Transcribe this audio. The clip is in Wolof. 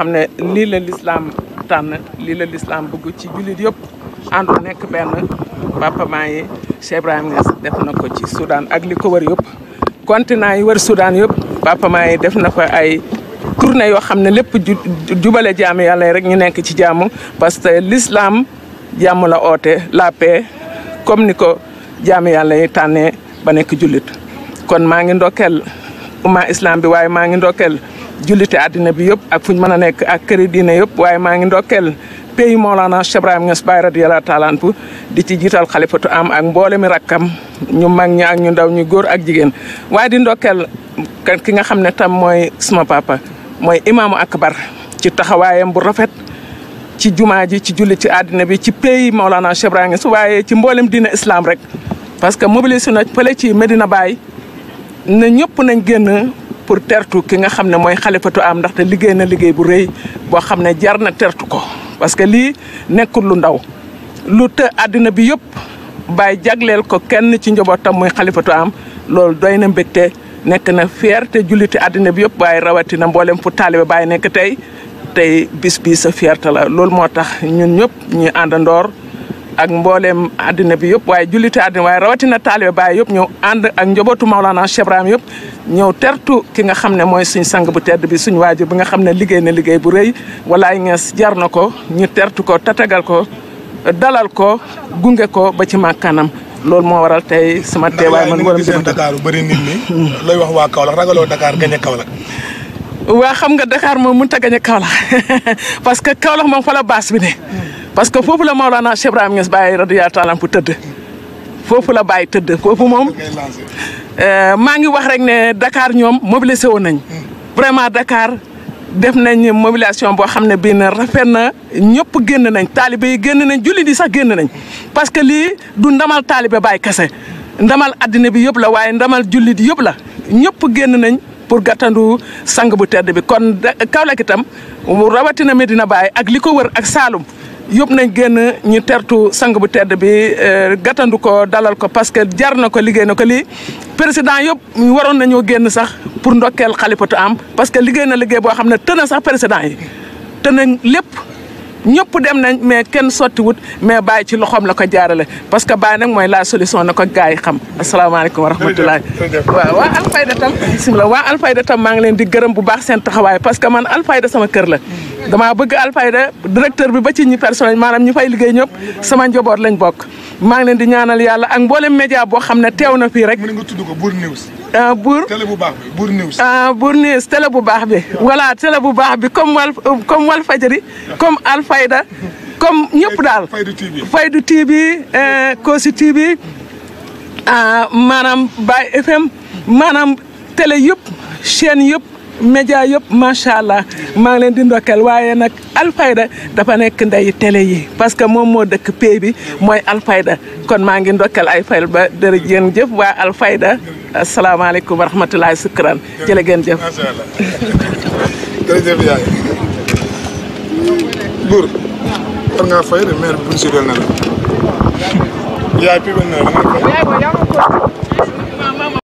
xam ne lii la lislaam tànn lii la lislaam bëgg ci jullit yëpp àndu nekk benn bàppamaa yi Cheikh def na ko ci Soudan ak li ko wër yëpp continent yi wër Soudan yëpp bàppamaa yi def na fa ay tournée yoo xam ne lépp jubale jaamu yi rek ñu nekk ci jaamu parce que lislaam jaamu la oote la paix comme ni ko jaamu yàlla yi tànnee ba nekk jullit kon maa ngi ndokkeel umma islam bi waaye maa ngi ndokkeel jullite àddina bi yëpp ak fu ñu mën a nekk ak këri diine yëpp waaye maa ngi ndokkeel pays Mawlana Cheikh Ibrahim baay Baye radiyallahu taala anhu di ci jiital xalifatu am ak mboole rakkam ñu mag ñi ak ñu ndaw ñu góor ak jigéen waaye di ndokkeel ki nga xam ne tam mooy suma papa mooy imaamu akbar ci taxawaayam bu rafet ci jumaa ji ci julli ci àddina bi ci pays Mawlana Cheikh Ibrahim Niass waaye ci mboolem diine islam rek parce que mobilisé na fële ci Medina Baye ne ñëpp nañ génn pour tertu ki nga xam ne mooy xalifatu am ndaxte liggéey na liggéey bu rëy boo xam ne jar na tertu ko parce que lii nekkul lu ndaw lu te àddina bi yëpp bàyyi jagleel ko kenn ci njabootam muy xalifatu am loolu doy na mbégte nekk na fierté julliti àddina bi yëpp waaye rawatina mboolem fu taalibe bàyyi nekk tey tey bis bii sa fierté la loolu moo tax ñun ñëpp ñuy àndandoor ak mboolem àddina bi yëpp waaye jullite àddina waaye rawatina taalibe Baay yëpp ñëw ànd ak njabootu Maolana Cheikh yop yëpp tertu ki nga xam ne mooy suñ sang bu tedd bi suñ waajur bi nga xam liggéey na liggéey bu jar ko ñu tertu ko tatagal ko dalal ko gunge ko ba ci màkkanam loolu moo waral tey sama teewaay man wala gisee Dakar bëri nit ñi looy wax waa Kaolack ragaloo Dakar gañe Kaolack waa xam nga Dakar mo mënut a gañe Kaolack parce que Kaolack moom fa la bi ne parce que foofu la Maolana Cheikh Ibrahima Niass bàyyi radiyallahu taala pour tëdd foofu la bàyyi tëdd foofu moom euh, maa ngi wax rek ne dakaar ñoom mobilisé woon nañ hmm. vraiment dakaar def nañ mobilisation boo xam ne bii na rafet na ñëpp génn nañ taalibe génn nañ jullit yi sax génn nañ parce que lii du ndamal taalibe Baay kese ndamal addina bi yëpp la waaye ndamal jullit yëpp la ñëpp génn nañ pour gàttandu sang bu tedd bi kon Kaolack itam rawatina Medina Baye ak li ko wër ak Saloum yóbbu nañ génn ñu tertu sang bu tedd bi euh, gàttandu ko dalal ko parce que jar na ko liggéey na ko li président yëpp waroon nañoo génn sax pour ndokkeel xalifatu am parce que liggéey na liggéey boo xam ne tën na sax président yi tën lépp ñëpp dem nañ mais kenn sottiwut mais bàyyi ci loxoom la ko jaarale parce que bàyyi nag mooy la solution na ko gars yi xam asalaamaaleykum wa rahmatulah waaw waa alfayda tam bisimilah waa alfayda tam maa ngi leen di gërëm bu baax seen taxawaay que man alfayda sama kër la damaa bëgg Alfayda directeur bi ba ci ñi personnel maanaam ñu fay liggéey ñëpp sama njaboot lañ bokk maa ngi leen di ñaanal yàlla ak mboolem média boo xam ne teew na fi rek. mën nga tudd ko Bour News. Euh, Bour bu baax bi Bour News. Euh, Bour News télé bu baax bi. voilà télé bu baax bi comme wal euh, comme Walfadjri comme Alfayda comme ñëpp daal. fay du Fayda TV Kossy TV maanaam Baye FM maanaam télé yëpp chaîne yëpp. média yëpp macha allah maa ngi leen di ndokkeel waaye nag Alfayda dafa nekk ndey télé yi parce que moom moo dëkk pay bi mooy Alfayda kon maa ngi ndokkeel ay fayal ba dërë yéen jëf waa Alfayda asalaamaaleykum wa rahmatulahi sukran jërë ngeen war ngaa fay de maire